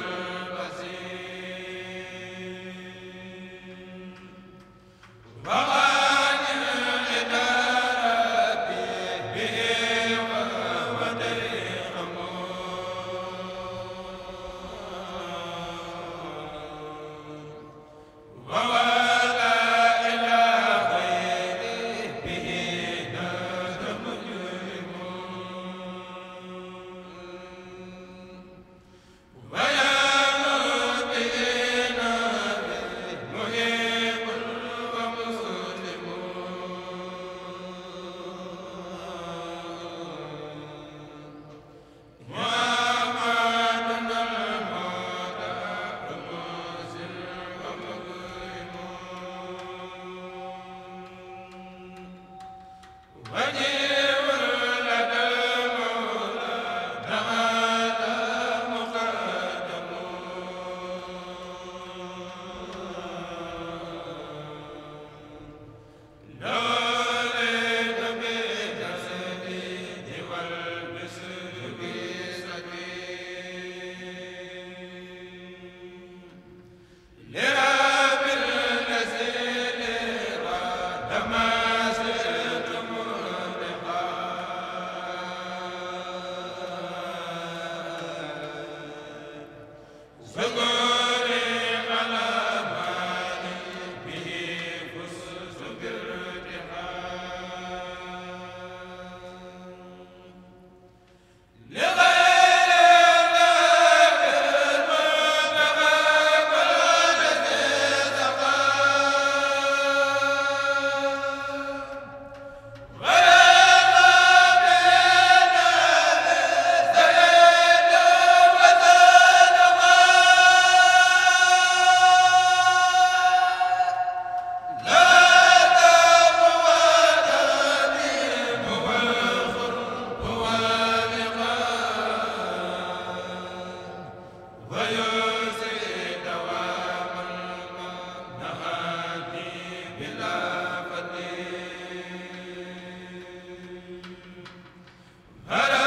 wa hara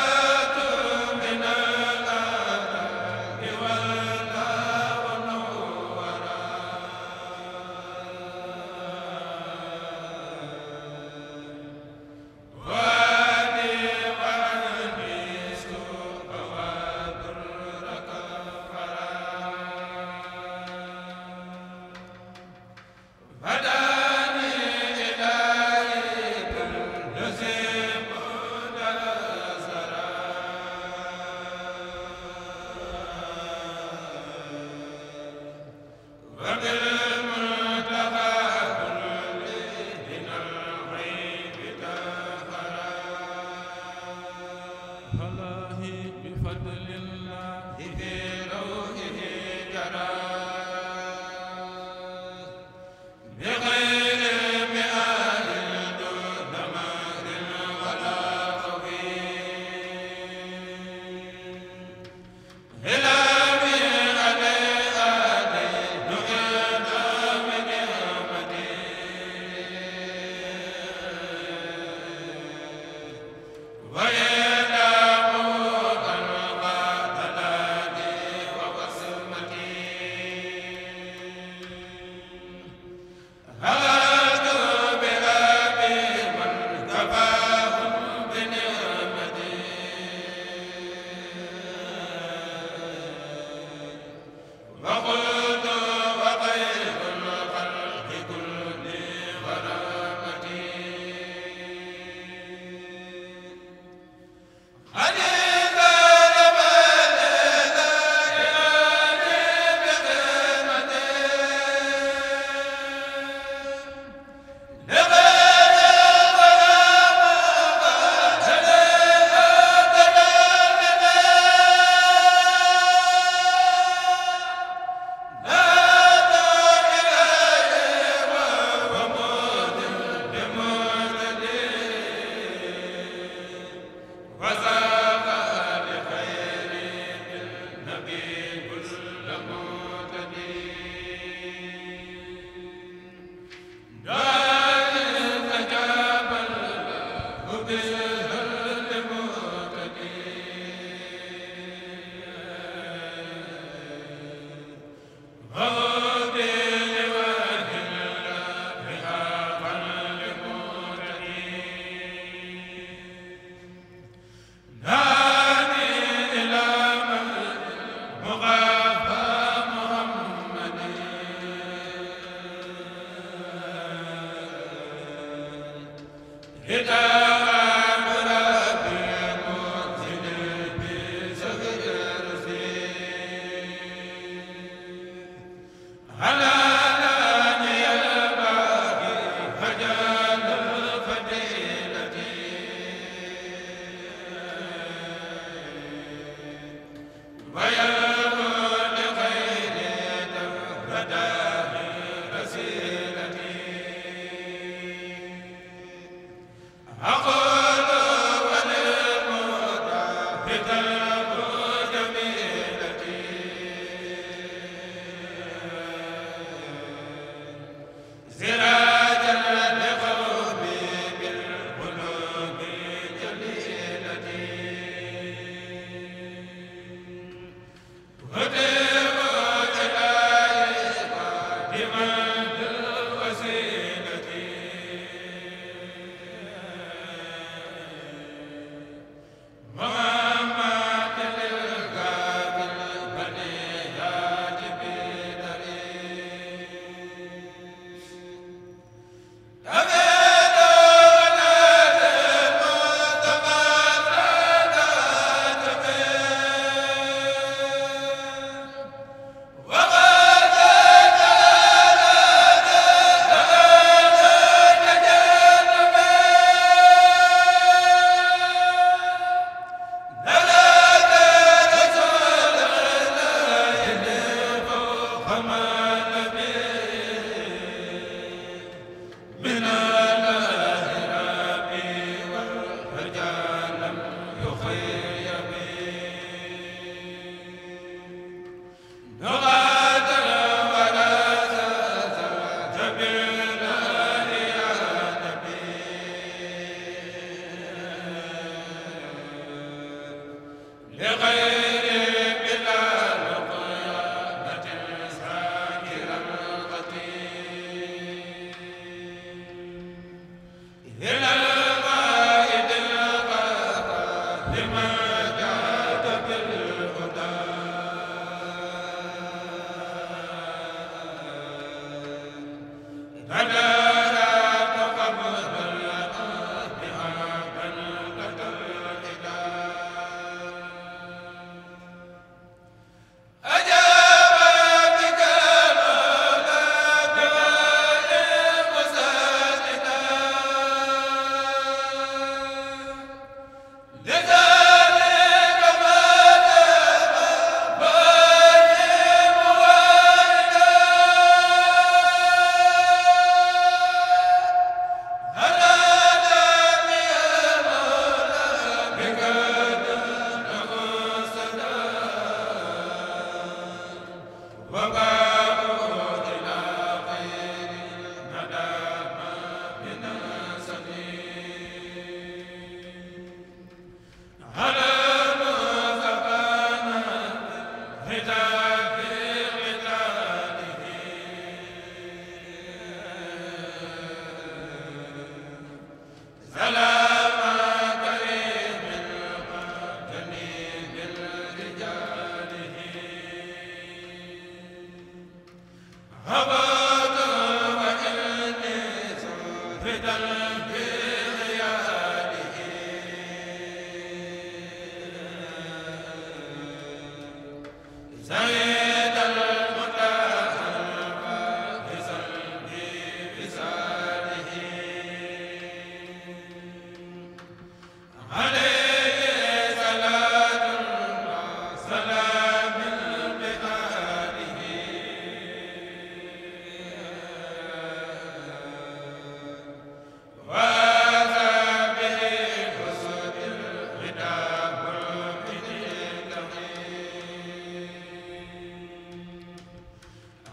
Amen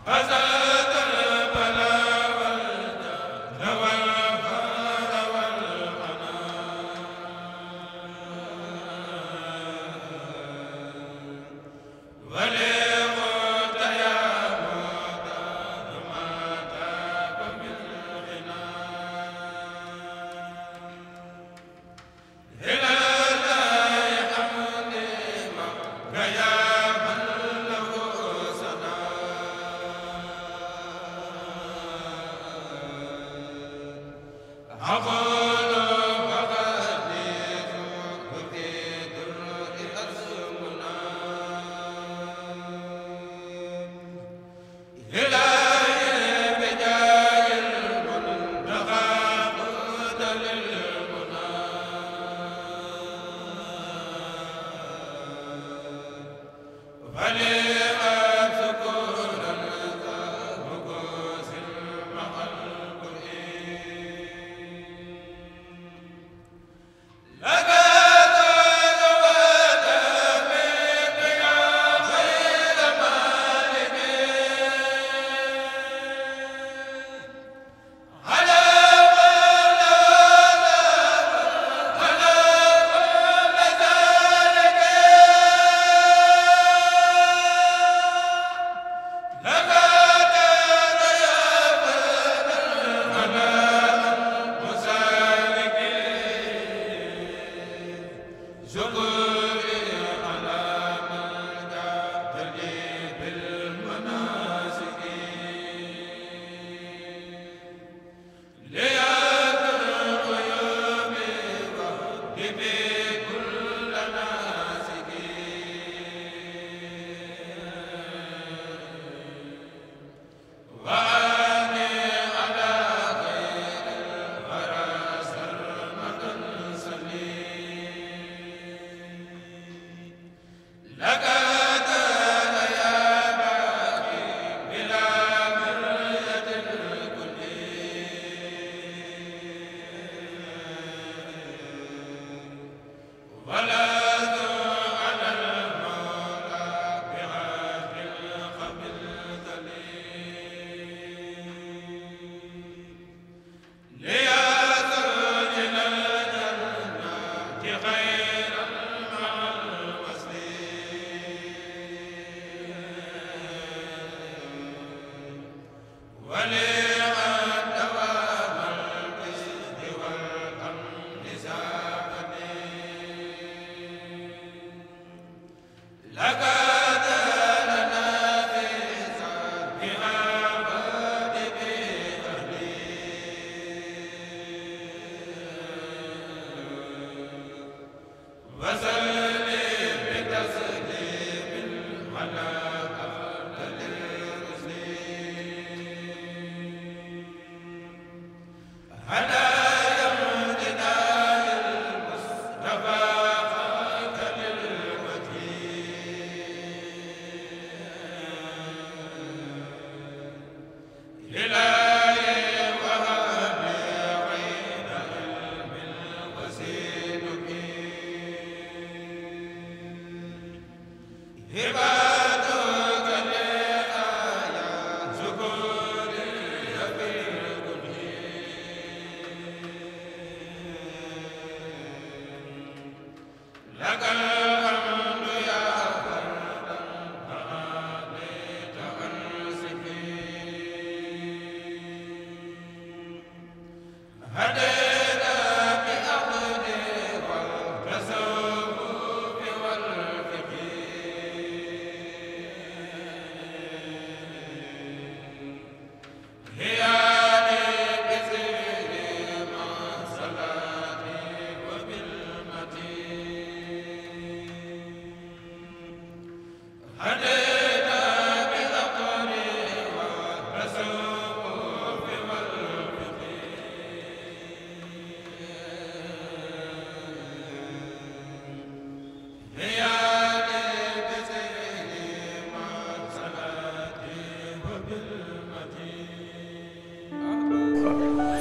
Azal je hada